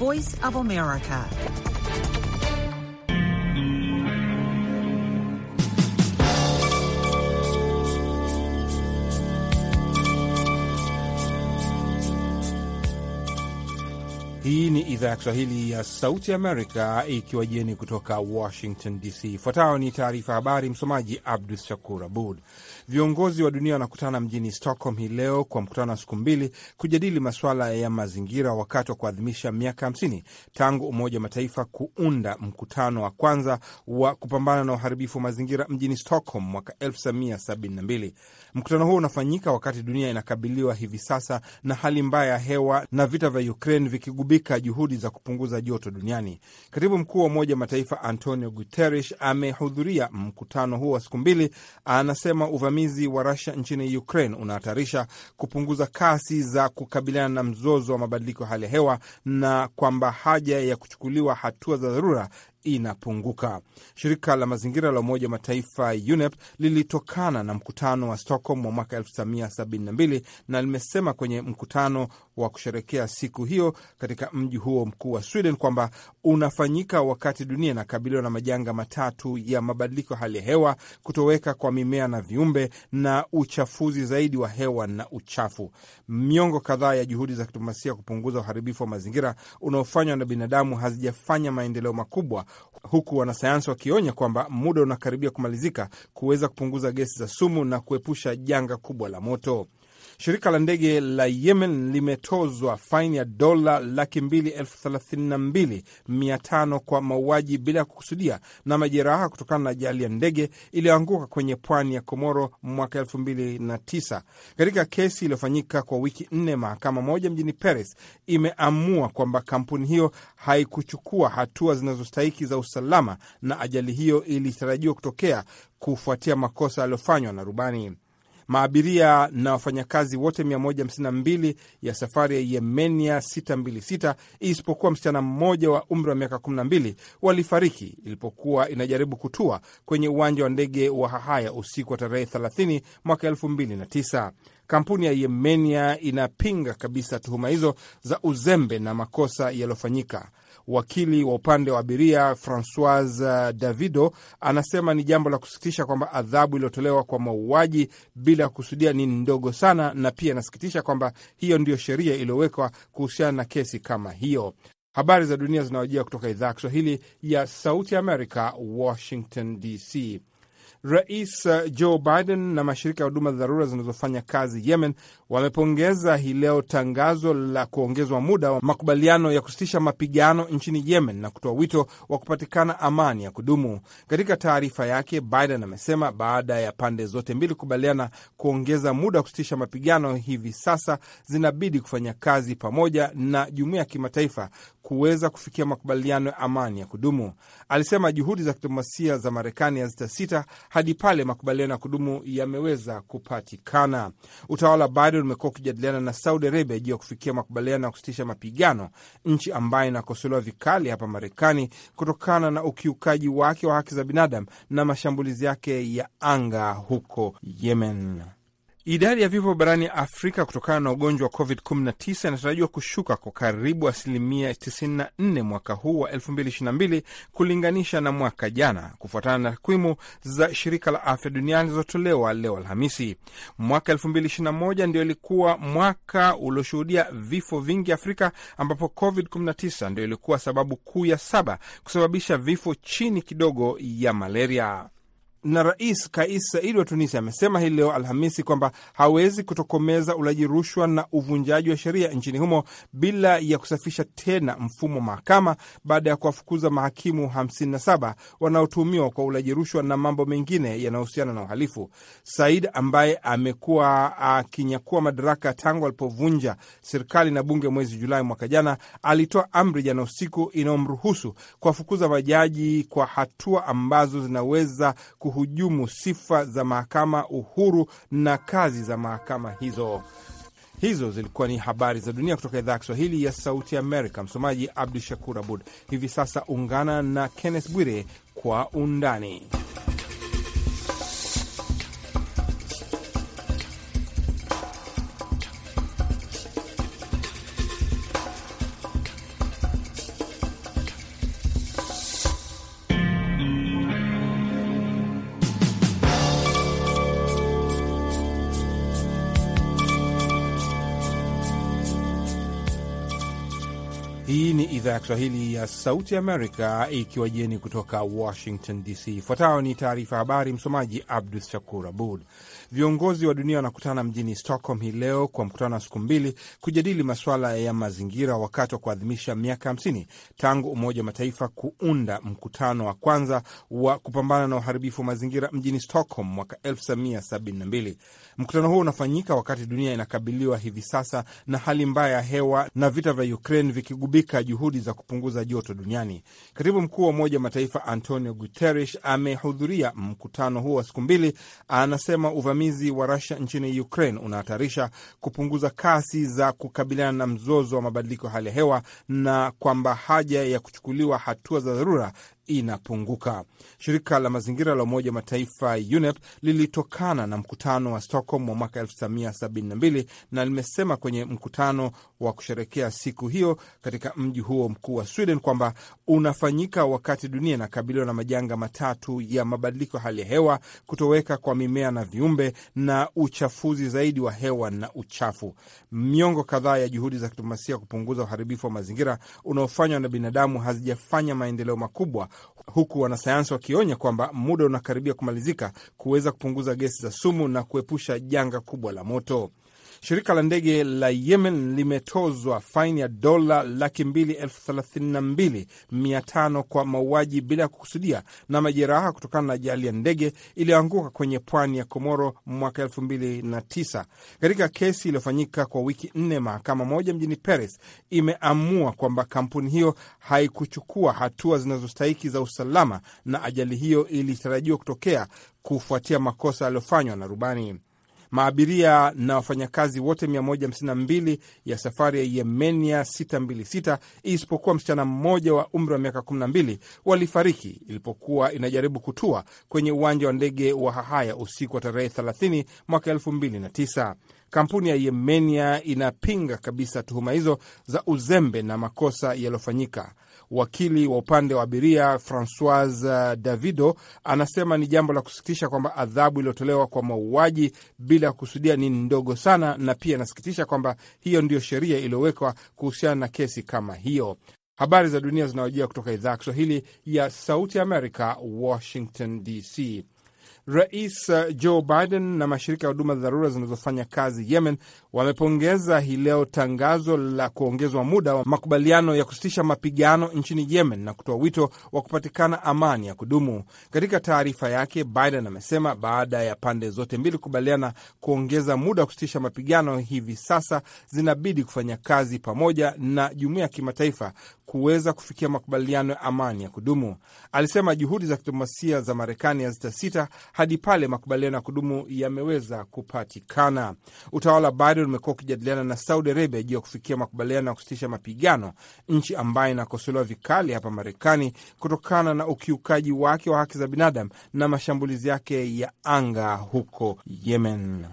Voice of America. Hii ni idhaa ya Kiswahili ya Sauti Amerika ikiwa jieni kutoka Washington DC. Ifuatayo ni taarifa habari, msomaji Abdu Shakur Abud. Viongozi wa dunia wanakutana mjini Stockholm hii leo kwa mkutano wa siku mbili kujadili masuala ya mazingira wakati wa kuadhimisha miaka 50 tangu Umoja wa Mataifa kuunda mkutano wa kwanza wa kupambana na uharibifu wa mazingira mjini Stockholm mwaka 1972. Mkutano huo unafanyika wakati dunia inakabiliwa hivi sasa na hali mbaya ya hewa na vita vya Ukraine vikigubika kushirika juhudi za kupunguza joto duniani. Katibu mkuu wa Umoja Mataifa Antonio Guterres amehudhuria mkutano huo wa siku mbili. Anasema uvamizi wa Rusia nchini Ukraine unahatarisha kupunguza kasi za kukabiliana na mzozo wa mabadiliko ya hali ya hewa na kwamba haja ya kuchukuliwa hatua za dharura inapunguka. Shirika la mazingira la Umoja wa Mataifa UNEP lilitokana na mkutano wa Stockholm wa mwaka 1972 na limesema kwenye mkutano wa kusherekea siku hiyo katika mji huo mkuu wa Sweden kwamba unafanyika wakati dunia inakabiliwa na majanga matatu ya mabadiliko ya hali ya hewa, kutoweka kwa mimea na viumbe, na uchafuzi zaidi wa hewa na uchafu. Miongo kadhaa ya juhudi za kidiplomasia kupunguza uharibifu wa mazingira unaofanywa na binadamu hazijafanya maendeleo makubwa huku wanasayansi wakionya kwamba muda unakaribia kumalizika kuweza kupunguza gesi za sumu na kuepusha janga kubwa la moto. Shirika la ndege la Yemen limetozwa faini ya dola laki mbili elfu thelathini na mbili mia tano kwa mauaji bila ya kukusudia na majeraha kutokana na ajali ya ndege iliyoanguka kwenye pwani ya Komoro mwaka elfu mbili na tisa. Katika kesi iliyofanyika kwa wiki nne, mahakama moja mjini Paris imeamua kwamba kampuni hiyo haikuchukua hatua zinazostahiki za usalama na ajali hiyo ilitarajiwa kutokea kufuatia makosa yaliyofanywa na rubani maabiria na wafanyakazi wote 152 ya safari ya Yemenia 626 isipokuwa msichana mmoja wa umri wa miaka 12 walifariki ilipokuwa inajaribu kutua kwenye uwanja wa ndege wa Hahaya usiku wa tarehe 30 mwaka 2009. Kampuni ya Yemenia inapinga kabisa tuhuma hizo za uzembe na makosa yaliyofanyika. Wakili wa upande wa abiria Francois Davido anasema ni jambo la kusikitisha kwamba adhabu iliyotolewa kwa mauaji bila kusudia ni ndogo sana, na pia inasikitisha kwamba hiyo ndiyo sheria iliyowekwa kuhusiana na kesi kama hiyo. Habari za dunia zinawajia kutoka idhaa ya Kiswahili ya Sauti Amerika, Washington DC. Rais uh, Joe Biden na mashirika ya huduma za dharura zinazofanya kazi Yemen wamepongeza hii leo tangazo la kuongezwa muda wa makubaliano ya kusitisha mapigano nchini Yemen na kutoa wito wa kupatikana amani ya kudumu. Katika taarifa yake, Biden amesema baada ya pande zote mbili kukubaliana kuongeza muda wa kusitisha mapigano, hivi sasa zinabidi kufanya kazi pamoja na jumuiya ya kimataifa kuweza kufikia makubaliano ya amani ya kudumu. Alisema juhudi za kidiplomasia za Marekani hazitasita hadi pale makubaliano ya kudumu yameweza kupatikana. Utawala wa Biden umekuwa ukijadiliana na Saudi Arabia juu ya kufikia makubaliano ya kusitisha mapigano, nchi ambayo inakosolewa vikali hapa Marekani kutokana na ukiukaji wake wa haki za binadamu na mashambulizi yake ya anga huko Yemen. Idadi ya vifo barani Afrika kutokana na ugonjwa wa COVID-19 inatarajiwa kushuka kwa karibu asilimia 94 mwaka huu wa 2022 kulinganisha na mwaka jana, kufuatana na takwimu za shirika la afya duniani zilizotolewa leo Alhamisi. Mwaka 2021 ndio ilikuwa mwaka ulioshuhudia vifo vingi Afrika, ambapo COVID-19 ndio ilikuwa sababu kuu ya saba kusababisha vifo, chini kidogo ya malaria na Rais Kais Saidi wa Tunisia amesema hii leo Alhamisi kwamba hawezi kutokomeza ulaji rushwa na uvunjaji wa sheria nchini humo bila ya kusafisha tena mfumo mahakama baada ya kuwafukuza mahakimu 57 wanaotuhumiwa kwa ulaji rushwa na mambo mengine yanayohusiana na uhalifu. Said ambaye amekuwa akinyakua madaraka tangu alipovunja serikali na bunge mwezi Julai mwaka jana, alitoa amri jana usiku inayomruhusu kuwafukuza majaji kwa hatua ambazo zinaweza ku kuhujumu sifa za mahakama, uhuru na kazi za mahakama hizo. Hizo zilikuwa ni habari za dunia kutoka idhaa ya Kiswahili ya Sauti Amerika. Msomaji Abdu Shakur Abud. Hivi sasa ungana na Kenneth Bwire kwa undani ya Kiswahili ya Sauti Amerika ikiwajieni kutoka Washington DC. Ifuatayo ni taarifa habari, msomaji Abdu Shakur Abud. Viongozi wa dunia wanakutana mjini Stockholm hii leo kwa mkutano wa siku mbili kujadili masuala ya mazingira wakati wa kuadhimisha miaka 50 tangu Umoja wa Mataifa kuunda mkutano wa kwanza wa kupambana na uharibifu wa mazingira mjini Stockholm mwaka 1972. Mkutano huo unafanyika wakati dunia inakabiliwa hivi sasa na hali mbaya ya hewa na vita vya Ukraine vikigubika juhudi za kupunguza joto duniani. Katibu mkuu wa Umoja wa Mataifa Antonio Guterres amehudhuria mkutano huo wa siku mbili, anasema uvamizi uvamizi wa Rusia nchini Ukraine unahatarisha kupunguza kasi za kukabiliana na mzozo wa mabadiliko ya hali ya hewa na kwamba haja ya kuchukuliwa hatua za dharura inapunguka. Shirika la mazingira la Umoja Mataifa UNEP lilitokana na mkutano wa Stockholm wa mwaka 1972 na limesema kwenye mkutano wa kusherekea siku hiyo katika mji huo mkuu wa Sweden kwamba unafanyika wakati dunia inakabiliwa na majanga matatu ya mabadiliko ya hali ya hewa, kutoweka kwa mimea na viumbe, na uchafuzi zaidi wa hewa na uchafu. Miongo kadhaa ya juhudi za kidiplomasia kupunguza uharibifu wa mazingira unaofanywa na binadamu hazijafanya maendeleo makubwa huku wanasayansi wakionya kwamba muda unakaribia kumalizika kuweza kupunguza gesi za sumu na kuepusha janga kubwa la moto. Shirika la ndege la Yemen limetozwa faini ya dola laki mbili elfu thelathini na mbili mia tano kwa mauaji bila ya kukusudia na majeraha kutokana na ajali ya ndege iliyoanguka kwenye pwani ya Komoro mwaka elfu mbili na tisa. Katika kesi iliyofanyika kwa wiki nne, mahakama moja mjini Paris imeamua kwamba kampuni hiyo haikuchukua hatua zinazostahiki za usalama na ajali hiyo ilitarajiwa kutokea kufuatia makosa yaliyofanywa na rubani. Maabiria na wafanyakazi wote 152 ya safari ya Yemenia 626 isipokuwa msichana mmoja wa umri wa miaka 12 walifariki ilipokuwa inajaribu kutua kwenye uwanja wa ndege wa Hahaya usiku wa tarehe 30 mwaka 2009. Kampuni ya Yemenia inapinga kabisa tuhuma hizo za uzembe na makosa yaliyofanyika. Wakili wa upande wa abiria Francois Davido anasema ni jambo la kusikitisha kwamba adhabu iliyotolewa kwa mauaji bila ya kusudia ni ndogo sana, na pia inasikitisha kwamba hiyo ndiyo sheria iliyowekwa kuhusiana na kesi kama hiyo. Habari za dunia zinawajia kutoka idhaa ya Kiswahili ya Sauti ya Amerika, Washington DC. Rais uh, Joe Biden na mashirika ya huduma za dharura zinazofanya kazi Yemen wamepongeza hii leo tangazo la kuongezwa muda wa makubaliano ya kusitisha mapigano nchini Yemen na kutoa wito wa kupatikana amani ya kudumu. Katika taarifa yake, Biden amesema baada ya pande zote mbili kukubaliana kuongeza muda wa kusitisha mapigano, hivi sasa zinabidi kufanya kazi pamoja na jumuiya ya kimataifa kuweza kufikia makubaliano ya amani ya kudumu. Alisema juhudi za kidiplomasia za Marekani hazitasita hadi pale makubaliano ya kudumu yameweza kupatikana. Utawala bado umekuwa ukijadiliana na Saudi Arabia juu ya kufikia makubaliano ya kusitisha mapigano, nchi ambayo inakosolewa vikali hapa Marekani kutokana na ukiukaji wake wa haki za binadamu na mashambulizi yake ya anga huko Yemen.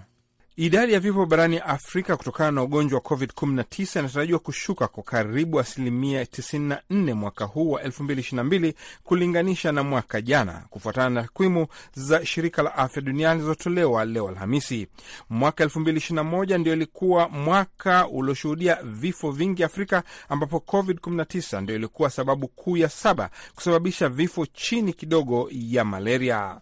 Idadi ya vifo barani Afrika kutokana na ugonjwa wa COVID-19 inatarajiwa kushuka kwa karibu asilimia 94 mwaka huu wa 2022 kulinganisha na mwaka jana, kufuatana na takwimu za shirika la afya duniani zilizotolewa leo Alhamisi. Mwaka 2021 ndio ilikuwa mwaka ulioshuhudia vifo vingi Afrika, ambapo COVID-19 ndio ilikuwa sababu kuu ya saba kusababisha vifo, chini kidogo ya malaria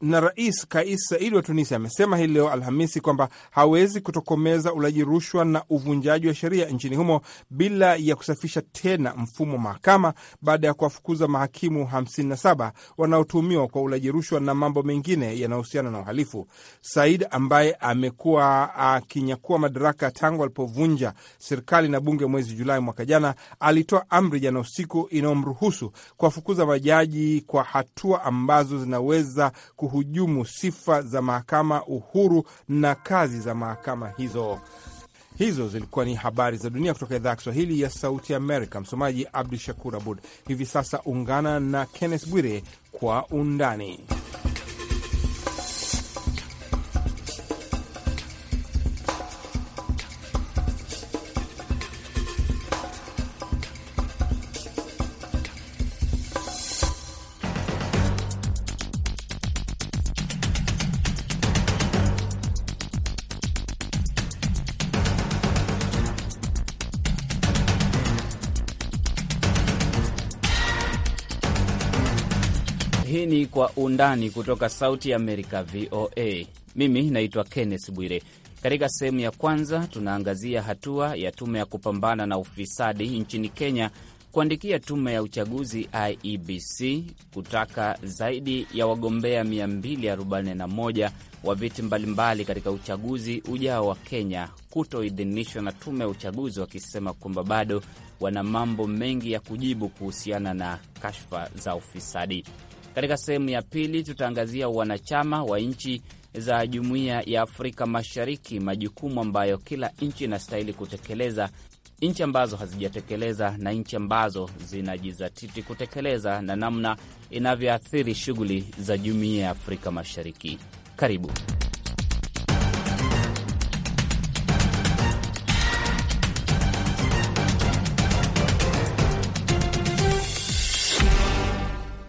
na Rais Kais Saidi wa Tunisia amesema hii leo Alhamisi kwamba hawezi kutokomeza ulaji rushwa na uvunjaji wa sheria nchini humo bila ya kusafisha tena mfumo wa mahakama baada ya kuwafukuza mahakimu 57 wanaotuhumiwa kwa ulaji rushwa na mambo mengine yanayohusiana na uhalifu. Said ambaye amekuwa akinyakua madaraka tangu alipovunja serikali na bunge mwezi Julai mwaka jana, alitoa amri jana usiku inayomruhusu kuwafukuza majaji kwa hatua ambazo zinaweza kuhujumu sifa za mahakama, uhuru na kazi za mahakama hizo. Hizo zilikuwa ni habari za dunia kutoka idhaa ya Kiswahili ya Sauti Amerika. Msomaji Abdu Shakur Abud. Hivi sasa ungana na Kenneth Bwire kwa undani Kwa Undani kutoka Sauti ya Amerika, VOA. Mimi naitwa Kenneth Bwire. Katika sehemu ya kwanza, tunaangazia hatua ya tume ya kupambana na ufisadi nchini Kenya kuandikia tume ya uchaguzi IEBC kutaka zaidi ya wagombea 241 wa viti mbalimbali katika uchaguzi ujao wa Kenya kutoidhinishwa na tume ya uchaguzi, wakisema kwamba bado wana mambo mengi ya kujibu kuhusiana na kashfa za ufisadi. Katika sehemu ya pili, tutaangazia wanachama wa nchi za jumuiya ya Afrika Mashariki, majukumu ambayo kila nchi inastahili kutekeleza, nchi ambazo hazijatekeleza na nchi ambazo zinajizatiti kutekeleza, na namna inavyoathiri shughuli za jumuiya ya Afrika Mashariki. Karibu.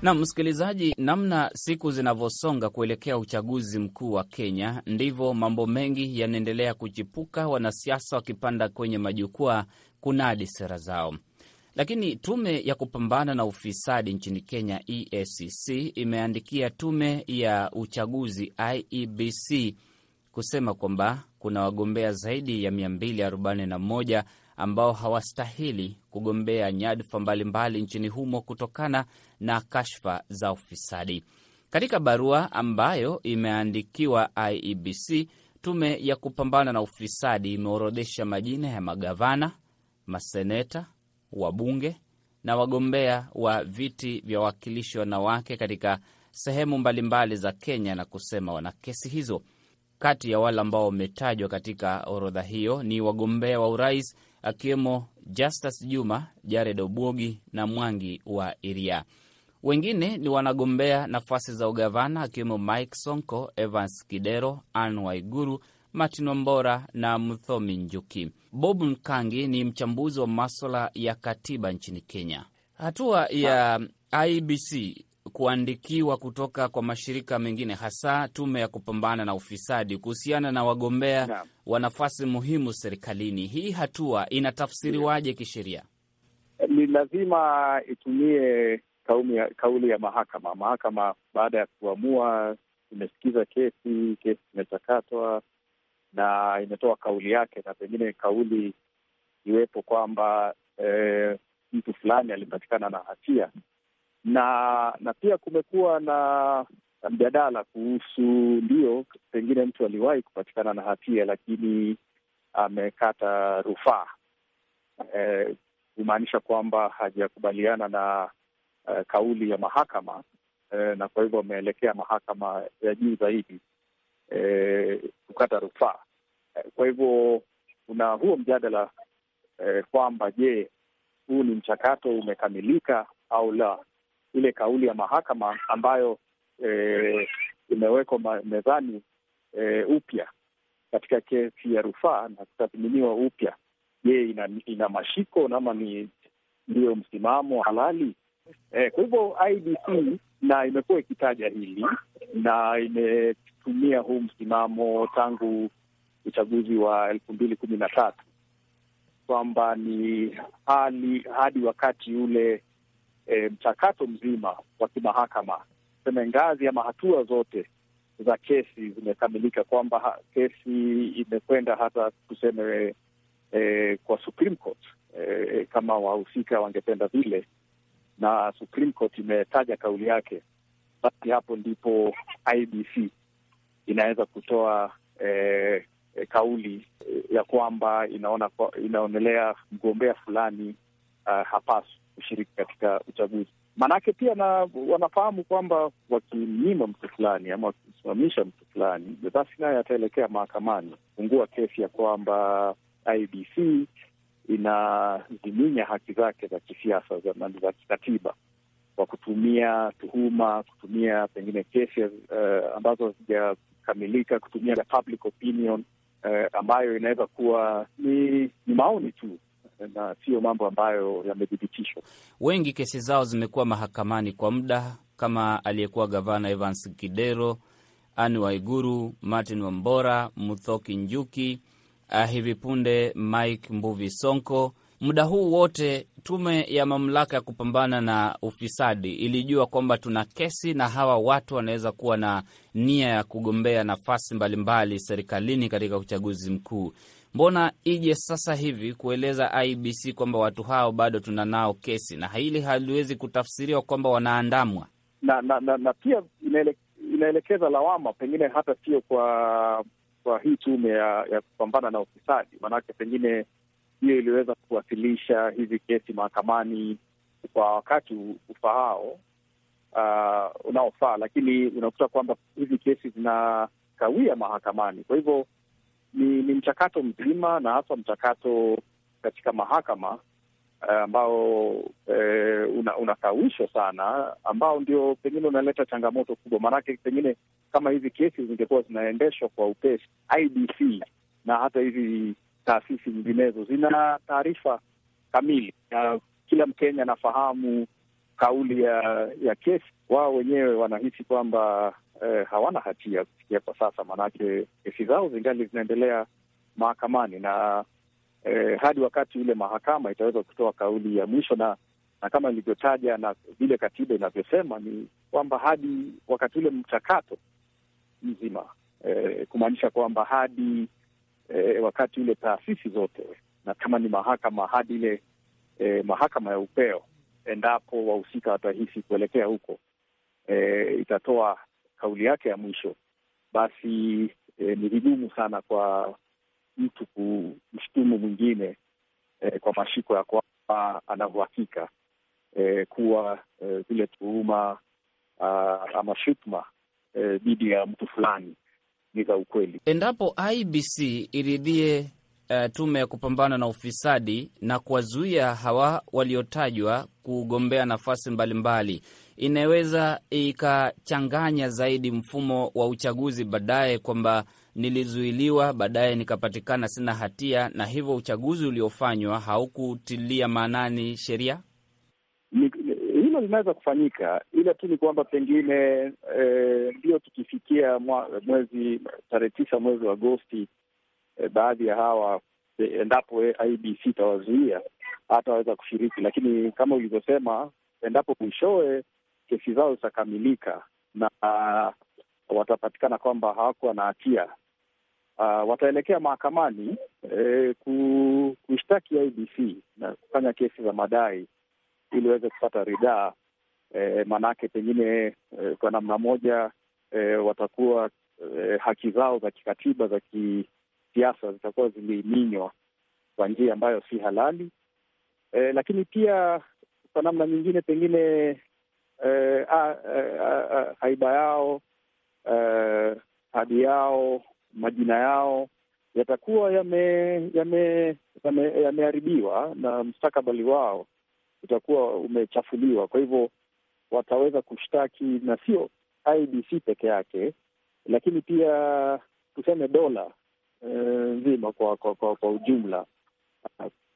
Na msikilizaji, namna siku zinavyosonga kuelekea uchaguzi mkuu wa Kenya, ndivyo mambo mengi yanaendelea kuchipuka, wanasiasa wakipanda kwenye majukwaa kunadi sera zao. Lakini tume ya kupambana na ufisadi nchini Kenya, EACC, imeandikia tume ya uchaguzi IEBC kusema kwamba kuna wagombea zaidi ya 241 ambao hawastahili kugombea nyadhifa mbalimbali nchini humo kutokana na kashfa za ufisadi. Katika barua ambayo imeandikiwa IEBC, tume ya kupambana na ufisadi imeorodhesha majina ya magavana, maseneta, wabunge na wagombea wa viti vya wawakilishi wanawake katika sehemu mbalimbali za Kenya na kusema wana kesi hizo. Kati ya wale ambao wametajwa katika orodha hiyo ni wagombea wa urais akiwemo Justus Juma, Jared Obuogi na Mwangi wa Iria. Wengine ni wanagombea nafasi za ugavana akiwemo Mike Sonko, Evans Kidero, Anne Waiguru, Martin Ombora na Muthomi Njuki. Bob Mkangi ni mchambuzi wa maswala ya katiba nchini Kenya. Hatua ya IBC kuandikiwa kutoka kwa mashirika mengine hasa tume ya kupambana na ufisadi kuhusiana na wagombea na wa nafasi muhimu serikalini, hii hatua inatafsiriwaje kisheria? Ni lazima itumie kauli ya, kauli ya mahakama. Mahakama baada ya kuamua, imesikiza kesi, kesi imechakatwa na imetoa kauli yake, na pengine kauli iwepo kwamba e, mtu fulani alipatikana na hatia, na na pia kumekuwa na mjadala kuhusu, ndio pengine mtu aliwahi kupatikana na hatia lakini amekata rufaa, eh, kumaanisha e, kwamba hajakubaliana na uh, kauli ya mahakama uh, na kwa hivyo wameelekea mahakama ya juu zaidi eh, kukata rufaa uh, kwa hivyo kuna huo mjadala uh, kwamba je, huu ni mchakato umekamilika au la. Ile kauli ya mahakama ambayo uh, imewekwa mezani uh, upya katika kesi ya rufaa na kutathminiwa upya. Je, ina, ina mashiko nama ni ndiyo msimamo halali Eh, kwa hivyo IDC na imekuwa ikitaja hili na imetumia huu msimamo tangu uchaguzi wa elfu mbili kumi na tatu kwamba ni hali hadi wakati ule eh, mchakato mzima wa kimahakama seme ngazi ama hatua zote za kesi zimekamilika, kwamba kesi imekwenda hata tuseme eh, kwa Supreme Court eh, kama wahusika wangependa vile na Supreme Court imetaja kauli yake, basi hapo ndipo IBC inaweza kutoa eh, eh kauli eh, ya kwamba inaona inaonelea mgombea fulani uh, hapaswi kushiriki katika uchaguzi. Maanake pia na wanafahamu kwamba wakimnyima mtu fulani ama wakimsimamisha mtu fulani, basi naye ataelekea mahakamani kufungua kesi ya kwamba IBC inaziminya haki zake za kisiasa na za kikatiba kwa kutumia tuhuma, kutumia pengine kesi uh, ambazo hazijakamilika, kutumia public opinion uh, ambayo inaweza kuwa ni, ni maoni tu eh, na siyo mambo ambayo yamethibitishwa. Wengi kesi zao zimekuwa mahakamani kwa muda kama aliyekuwa gavana Evans Kidero, Anne Waiguru, Martin Wambora, Muthoki Njuki Ah, hivi punde Mike Mbuvi Sonko. Muda huu wote tume ya mamlaka ya kupambana na ufisadi ilijua kwamba tuna kesi na hawa watu wanaweza kuwa na nia ya kugombea nafasi mbalimbali serikalini katika uchaguzi mkuu. Mbona ije sasa hivi kueleza IBC kwamba watu hao bado tuna nao kesi, na hili haliwezi kutafsiriwa kwamba wanaandamwa na, na, na, na pia inaelekeza lawama pengine hata sio kwa kwa hii tume ya, ya kupambana na ufisadi, maanake pengine hiyo iliweza kuwasilisha hizi kesi mahakamani kwa wakati ufaao uh, unaofaa, lakini unakuta kwamba hizi kesi zinakawia mahakamani. Kwa hivyo ni, ni mchakato mzima na haswa mchakato katika mahakama Eh, ambao eh, unakawishwa una sana, ambao ndio pengine unaleta changamoto kubwa. Maanake pengine kama hizi kesi zingekuwa zinaendeshwa kwa upesi, IBC na hata hizi taasisi nyinginezo zina taarifa kamili na kila Mkenya anafahamu kauli ya ya kesi. Wao wenyewe wanahisi kwamba eh, hawana hatia kufikia kwa sasa, maanake kesi zao zingali zinaendelea mahakamani na eh, hadi wakati ule mahakama itaweza kutoa kauli ya mwisho na na kama nilivyotaja na vile katiba inavyosema ni kwamba hadi wakati ule mchakato mzima eh, kumaanisha kwamba hadi eh, wakati ule taasisi zote na kama ni mahakama hadi ile eh, mahakama ya upeo, endapo wahusika watahisi kuelekea huko eh, itatoa kauli yake ya mwisho, basi eh, ni vigumu sana kwa mtu kumshtumu mwingine eh, kwa mashiko ya kwamba anavyohakika eh, kuwa eh, zile eh, tuhuma ah, ama shutuma eh, dhidi eh, ya mtu fulani ni za ukweli. Endapo IBC iridhie uh, tume ya kupambana na ufisadi na kuwazuia hawa waliotajwa kugombea nafasi mbalimbali inaweza ikachanganya zaidi mfumo wa uchaguzi baadaye, kwamba nilizuiliwa, baadaye nikapatikana sina hatia, na hivyo uchaguzi uliofanywa haukutilia maanani sheria. Hilo linaweza kufanyika, ila tu ni kwamba pengine eh, ndio, e, tukifikia mwezi tarehe tisa mwezi wa Agosti, e, baadhi ya hawa eh, endapo IBC itawazuia hataweza kushiriki, lakini kama ulivyosema, endapo mwishowe kesi zao zitakamilika na watapatikana kwamba hawakuwa na hatia, uh, wataelekea mahakamani eh, kushtaki IBC na kufanya kesi za madai ili waweze kupata ridhaa eh, maanake pengine eh, kwa namna moja eh, watakuwa eh, haki zao za kikatiba za kisiasa zitakuwa ziliminywa kwa njia ambayo si halali eh, lakini pia kwa namna nyingine pengine eh, haiba yao eh, hadi yao majina yao yatakuwa yameharibiwa yame, yame, yame na mstakabali wao utakuwa umechafuliwa. Kwa hivyo wataweza kushtaki na sio IBC peke yake, lakini pia tuseme dola e, nzima kwa kwa, kwa kwa ujumla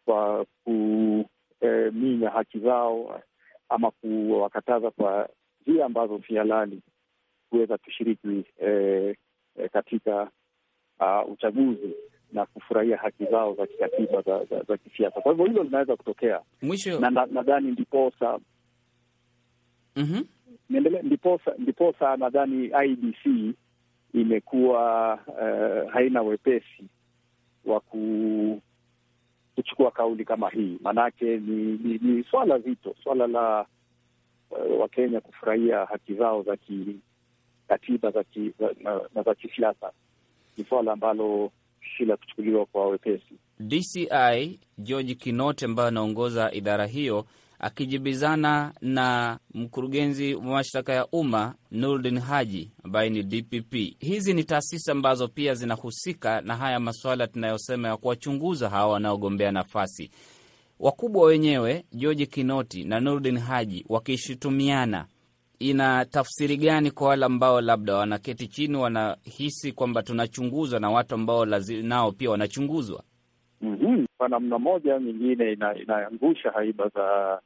kwa kuminya e, haki zao ama kuwakataza kwa njia ambazo ni halali kuweza kushiriki e, e, katika uh, uchaguzi na kufurahia haki zao za kikatiba za, za, za kisiasa. Kwa hivyo hilo linaweza kutokea mwisho, na nadhani ndiposa mm-hmm. ndiposa nadhani IBC imekuwa uh, haina wepesi wa kuchukua kauli kama hii, maanake ni, ni, ni swala zito, swala la uh, Wakenya kufurahia haki zao za kikatiba na za kisiasa ni swala ambalo si la kuchukuliwa kwa wepesi. DCI George Kinoti ambaye anaongoza idara hiyo akijibizana na mkurugenzi wa mashtaka ya umma Nurdin Haji ambaye ni DPP. Hizi ni taasisi ambazo pia zinahusika na haya masuala tunayosema ya kuwachunguza hawa wanaogombea nafasi wakubwa wenyewe, George Kinoti na Nurdin Haji wakishutumiana ina tafsiri gani kwa wale ambao labda wanaketi chini wanahisi kwamba tunachunguzwa na watu ambao nao pia wanachunguzwa? mm -hmm. Kwa namna moja nyingine inaangusha haiba za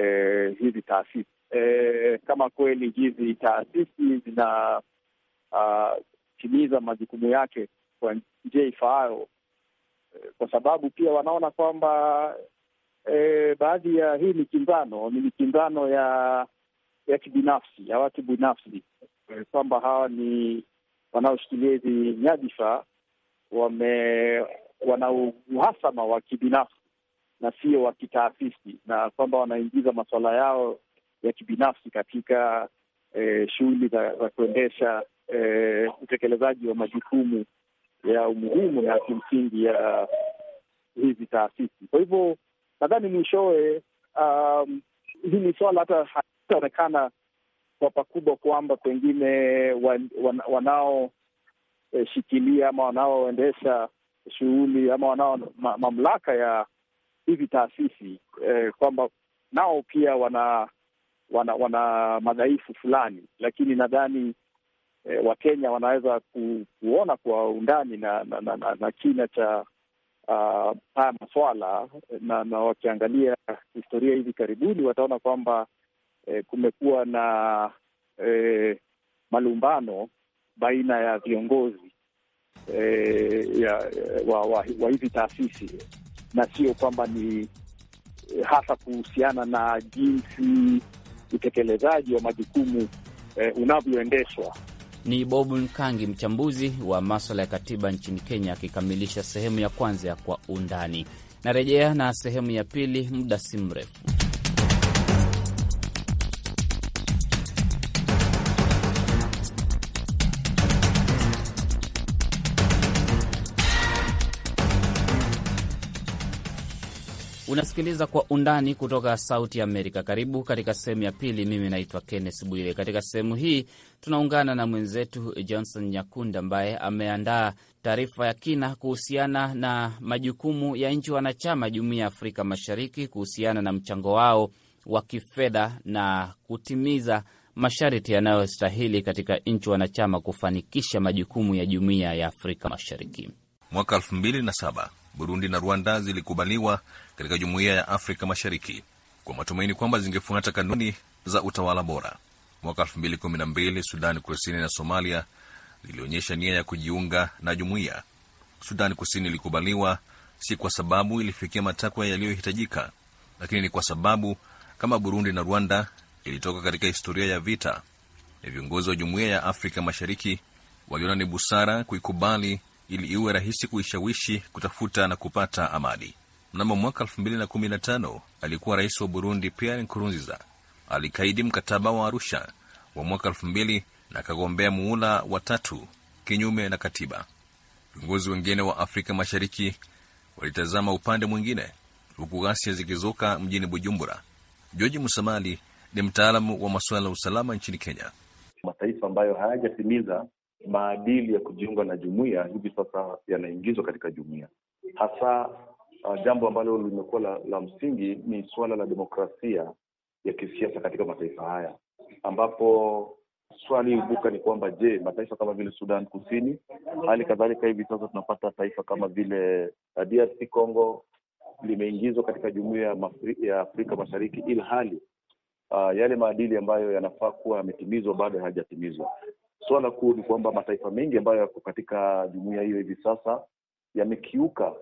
e, hizi taasisi e, kama kweli hizi taasisi zinatimiza ah, majukumu yake kwa njia ifaayo, eh, kwa sababu pia wanaona kwamba e, baadhi ya hii mikinzano ni mikinzano ya ya kibinafsi ya watu binafsi, eh, kwamba hawa ni wanaoshikilia hizi nyadhifa wame wana uhasama wa kibinafsi na sio wa kitaasisi, na kwamba wanaingiza masuala yao ya kibinafsi katika eh, shughuli za kuendesha eh, utekelezaji wa majukumu ya umuhimu na kimsingi ya hizi taasisi. Kwa hivyo nadhani mwishowe, um, hii ni swala hata kutaonekana kwa pakubwa kwamba pengine wan, wan, wanaoshikilia e, ama wanaoendesha shughuli ama wanao ma, mamlaka ya hivi taasisi eh, kwamba nao pia wana wana, wana madhaifu fulani, lakini nadhani eh, Wakenya wanaweza ku, kuona kwa undani na, na, na, na, na kina cha haya uh, maswala na, na wakiangalia historia hivi karibuni wataona kwamba eh, kumekuwa na eh, malumbano baina ya viongozi eh, ya, wa, wa, wa hizi taasisi na sio kwamba ni eh, hasa kuhusiana na jinsi utekelezaji wa majukumu eh, unavyoendeshwa. Ni Bob Nkangi, mchambuzi wa maswala ya katiba nchini Kenya, akikamilisha sehemu ya kwanza ya Kwa Undani. Narejea na sehemu ya pili muda si mrefu. unasikiliza Kwa Undani kutoka Sauti Amerika. Karibu katika sehemu ya pili. Mimi naitwa kennes Bwire. Katika sehemu hii tunaungana na mwenzetu Johnson Nyakunda ambaye ameandaa taarifa ya kina kuhusiana na majukumu ya nchi wanachama jumuia ya Afrika Mashariki kuhusiana na mchango wao wa kifedha na kutimiza masharti yanayostahili katika nchi wanachama kufanikisha majukumu ya Jumuiya ya Afrika Mashariki. Mwaka Burundi na Rwanda zilikubaliwa katika Jumuiya ya Afrika Mashariki kwa matumaini kwamba zingefuata kanuni za utawala bora. Mwaka 2012 Sudani Kusini na Somalia zilionyesha nia ya kujiunga na jumuiya. Sudani Kusini ilikubaliwa si kwa sababu ilifikia matakwa yaliyohitajika, lakini ni kwa sababu kama Burundi na Rwanda ilitoka katika historia ya vita, na viongozi wa Jumuiya ya Afrika Mashariki waliona ni busara kuikubali ili iwe rahisi kuishawishi kutafuta na kupata amani. Mnamo mwaka 2015 alikuwa rais wa Burundi Pierre Nkurunziza alikaidi mkataba wa Arusha wa mwaka 2000 na akagombea muula wa tatu kinyume na katiba. Viongozi wengine wa Afrika Mashariki walitazama upande mwingine, huku ghasia zikizuka mjini Bujumbura. George Musamali ni mtaalamu wa masuala ya usalama nchini Kenya. Mataifa ambayo hayajatimiza maadili ya kujiunga na jumuia hivi sasa yanaingizwa katika jumuia hasa uh, jambo ambalo limekuwa la, la msingi ni suala la demokrasia ya kisiasa katika mataifa haya ambapo swali ibuka ni kwamba je mataifa kama vile sudan kusini hali kadhalika hivi sasa tunapata taifa kama vile uh, drc congo limeingizwa katika jumuia ya afrika mashariki ili hali uh, yale maadili ambayo yanafaa kuwa yametimizwa bado hayajatimizwa Suala kuu ni kwamba mataifa mengi ambayo yako katika jumuiya hiyo hivi sasa yamekiuka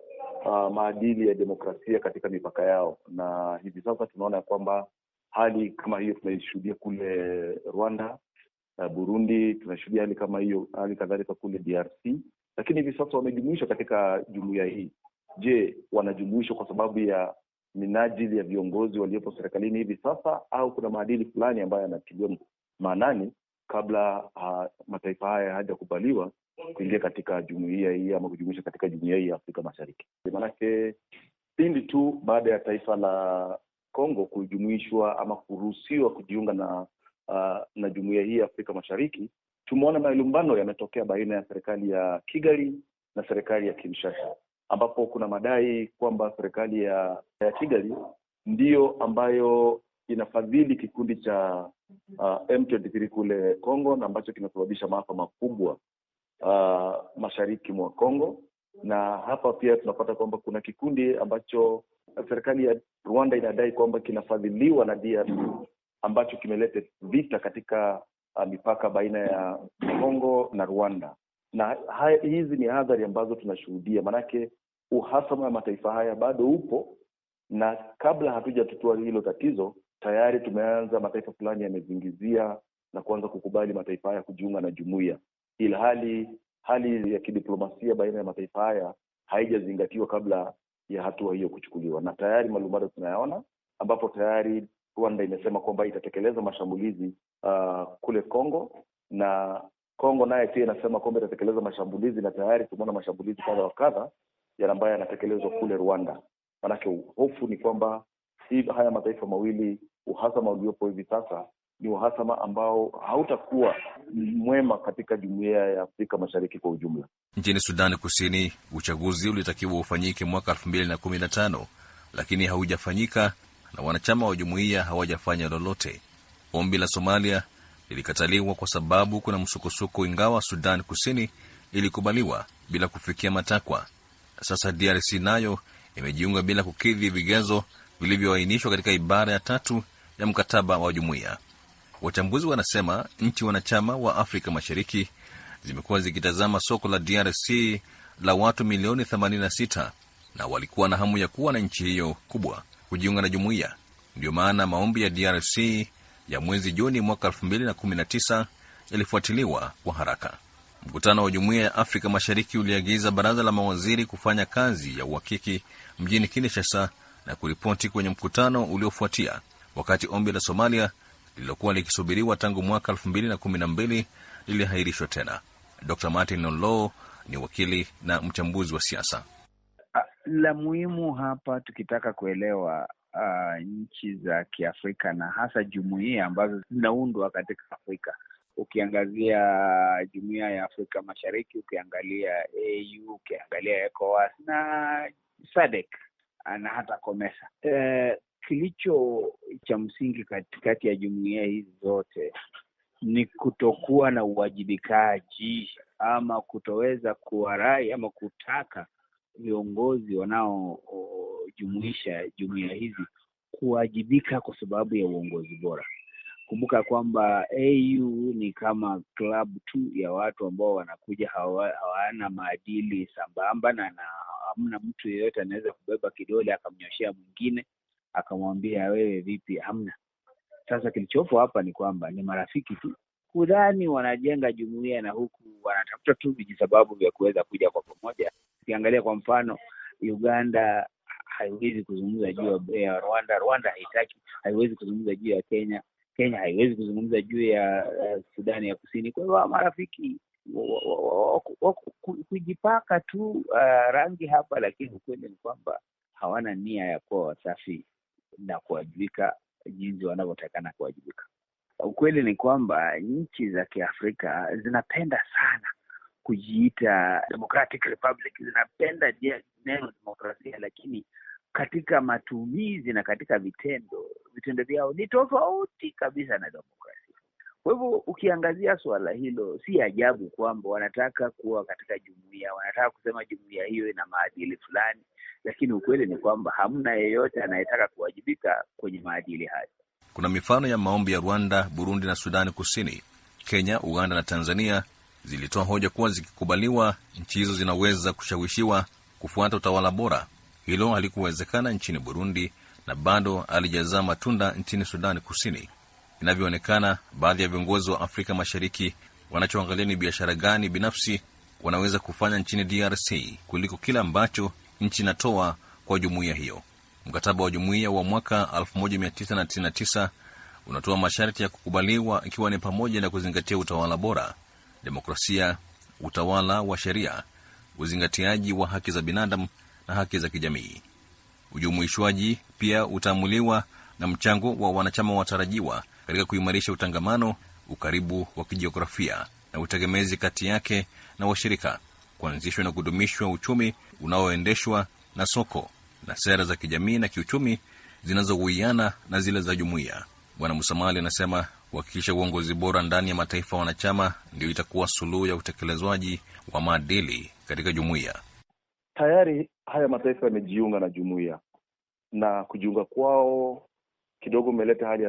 uh, maadili ya demokrasia katika mipaka yao, na hivi sasa tunaona ya kwamba hali kama hiyo tunaishuhudia kule Rwanda, uh, Burundi, tunashuhudia hali kama hiyo, hali kadhalika kule DRC, lakini hivi sasa wamejumuishwa katika jumuiya hii. Je, wanajumuishwa kwa sababu ya minajili ya viongozi waliopo serikalini hivi sasa, au kuna maadili fulani ambayo yanatiliwa maanani kabla uh, mataifa haya hayajakubaliwa kuingia katika jumuia hii ama kujumuisha katika jumuia hii ya Afrika Mashariki. Maanake pindi tu baada ya taifa la Kongo kujumuishwa ama kuruhusiwa kujiunga na uh, na jumuia hii ya Afrika Mashariki, tumeona malumbano yametokea baina ya serikali ya Kigali na serikali ya Kinshasa, ambapo kuna madai kwamba serikali ya, ya Kigali ndiyo ambayo inafadhili kikundi cha uh, ah, M23 kule Congo na ambacho kinasababisha maafa makubwa uh, mashariki mwa Congo, na hapa pia tunapata kwamba kuna kikundi ambacho serikali ya Rwanda inadai kwamba kinafadhiliwa na DRC ambacho kimeleta vita katika uh, mipaka baina ya Congo na Rwanda, na hizi ni hadhari ambazo tunashuhudia, maanake uhasama wa mataifa haya bado upo, na kabla hatujatutua hilo tatizo tayari tumeanza, mataifa fulani yamezingizia na kuanza kukubali mataifa haya kujiunga na jumuiya, ila hali hali ya kidiplomasia baina ya mataifa haya haijazingatiwa kabla ya hatua hiyo kuchukuliwa, na tayari malumbano tunayaona, ambapo tayari Rwanda imesema kwamba itatekeleza mashambulizi uh, kule Kongo na Kongo naye pia inasema kwamba itatekeleza mashambulizi, na tayari tumeona mashambulizi kadha wa kadha ambayo yanatekelezwa kule Rwanda. Maanake hofu ni kwamba haya mataifa mawili uhasama uliopo hivi sasa ni uhasama ambao hautakuwa mwema katika jumuiya ya Afrika Mashariki kwa ujumla. Nchini Sudani Kusini, uchaguzi ulitakiwa ufanyike mwaka elfu mbili na kumi na tano lakini haujafanyika na wanachama wa jumuiya hawajafanya lolote. Ombi la Somalia lilikataliwa kwa sababu kuna msukosuko, ingawa Sudan Kusini ilikubaliwa bila kufikia matakwa. Sasa DRC nayo imejiunga bila kukidhi vigezo vilivyoainishwa katika ibara ya tatu ya mkataba wa jumuiya. Wachambuzi wanasema nchi wanachama wa Afrika Mashariki zimekuwa zikitazama soko la DRC la watu milioni 86 na walikuwa na hamu ya kuwa na nchi hiyo kubwa kujiunga na jumuiya. Ndiyo maana maombi ya DRC ya mwezi Juni mwaka 2019 yalifuatiliwa kwa haraka. Mkutano wa Jumuiya ya Afrika Mashariki uliagiza baraza la mawaziri kufanya kazi ya uhakiki mjini Kinshasa na kuripoti kwenye mkutano uliofuatia wakati ombi la Somalia lililokuwa likisubiriwa tangu mwaka 2012 liliahirishwa tena. Dr Martin Nolo ni wakili na mchambuzi wa siasa. Ah, la muhimu hapa tukitaka kuelewa uh, nchi za Kiafrika na hasa jumuiya ambazo zinaundwa katika Afrika, ukiangazia jumuiya ya Afrika Mashariki, ukiangalia AU, ukiangalia ECOWAS na SADC Eh, na hata COMESA. E, eh, kilicho cha msingi katikati ya jumuiya hizi zote ni kutokuwa na uwajibikaji ama kutoweza kuwarai ama kutaka viongozi wanaojumuisha jumuiya hizi kuwajibika kwa sababu ya uongozi bora. Kumbuka kwamba AU ni kama klabu tu ya watu ambao wanakuja hawana maadili sambamba na na hamna mtu yeyote anaweza kubeba kidole akamnyoshea mwingine akamwambia wewe vipi, hamna. Sasa kilichopo hapa ni kwamba ni marafiki tu kudhani wanajenga jumuia na huku wanatafuta tu vijisababu vya kuweza kuja kwa pamoja. Ukiangalia kwa mfano, Uganda haiwezi kuzungumza juu ya Rwanda, Rwanda haitaki, haiwezi kuzungumza juu ya Kenya, Kenya haiwezi kuzungumza juu ya uh, Sudani ya Kusini. Kwa hiyo marafiki kujipaka tu uh, rangi hapa, lakini ukweli ni kwamba hawana nia ya kuwa wasafi na kuwajibika jinsi wanavyotakana kuwajibika. Ukweli ni kwamba nchi za Kiafrika zinapenda sana kujiita Democratic Republic, zinapenda neno demokrasia, lakini katika matumizi na katika vitendo, vitendo vyao ni tofauti kabisa na demokrasia. Kwa hivyo ukiangazia suala hilo, si ajabu kwamba wanataka kuwa katika jumuia wanataka kusema jumuia hiyo ina maadili fulani, lakini ukweli ni kwamba hamna yeyote anayetaka kuwajibika kwenye maadili hayo. Kuna mifano ya maombi ya Rwanda, Burundi na Sudani Kusini. Kenya, Uganda na Tanzania zilitoa hoja kuwa zikikubaliwa, nchi hizo zinaweza kushawishiwa kufuata utawala bora. Hilo halikuwezekana nchini Burundi na bado alijazaa matunda nchini Sudani Kusini. Inavyoonekana, baadhi ya viongozi wa Afrika Mashariki wanachoangalia ni biashara gani binafsi wanaweza kufanya nchini DRC kuliko kile ambacho nchi inatoa kwa jumuiya hiyo. Mkataba wa jumuiya wa mwaka 1999 unatoa masharti ya kukubaliwa, ikiwa ni pamoja na kuzingatia utawala bora, demokrasia, utawala wa sheria, uzingatiaji wa haki za binadamu na haki za kijamii. Ujumuishwaji pia utaamuliwa na mchango wa wanachama watarajiwa katika kuimarisha utangamano, ukaribu wa kijiografia na utegemezi kati yake na washirika, kuanzishwa na kudumishwa uchumi unaoendeshwa na soko na sera za kijamii na kiuchumi zinazowiana na zile za jumuiya. Bwana Musamali anasema kuhakikisha uongozi bora ndani ya mataifa wanachama ndio itakuwa suluhu ya utekelezwaji wa maadili katika jumuiya. Tayari haya mataifa yamejiunga na jumuiya na kujiunga kwao kidogo umeleta hali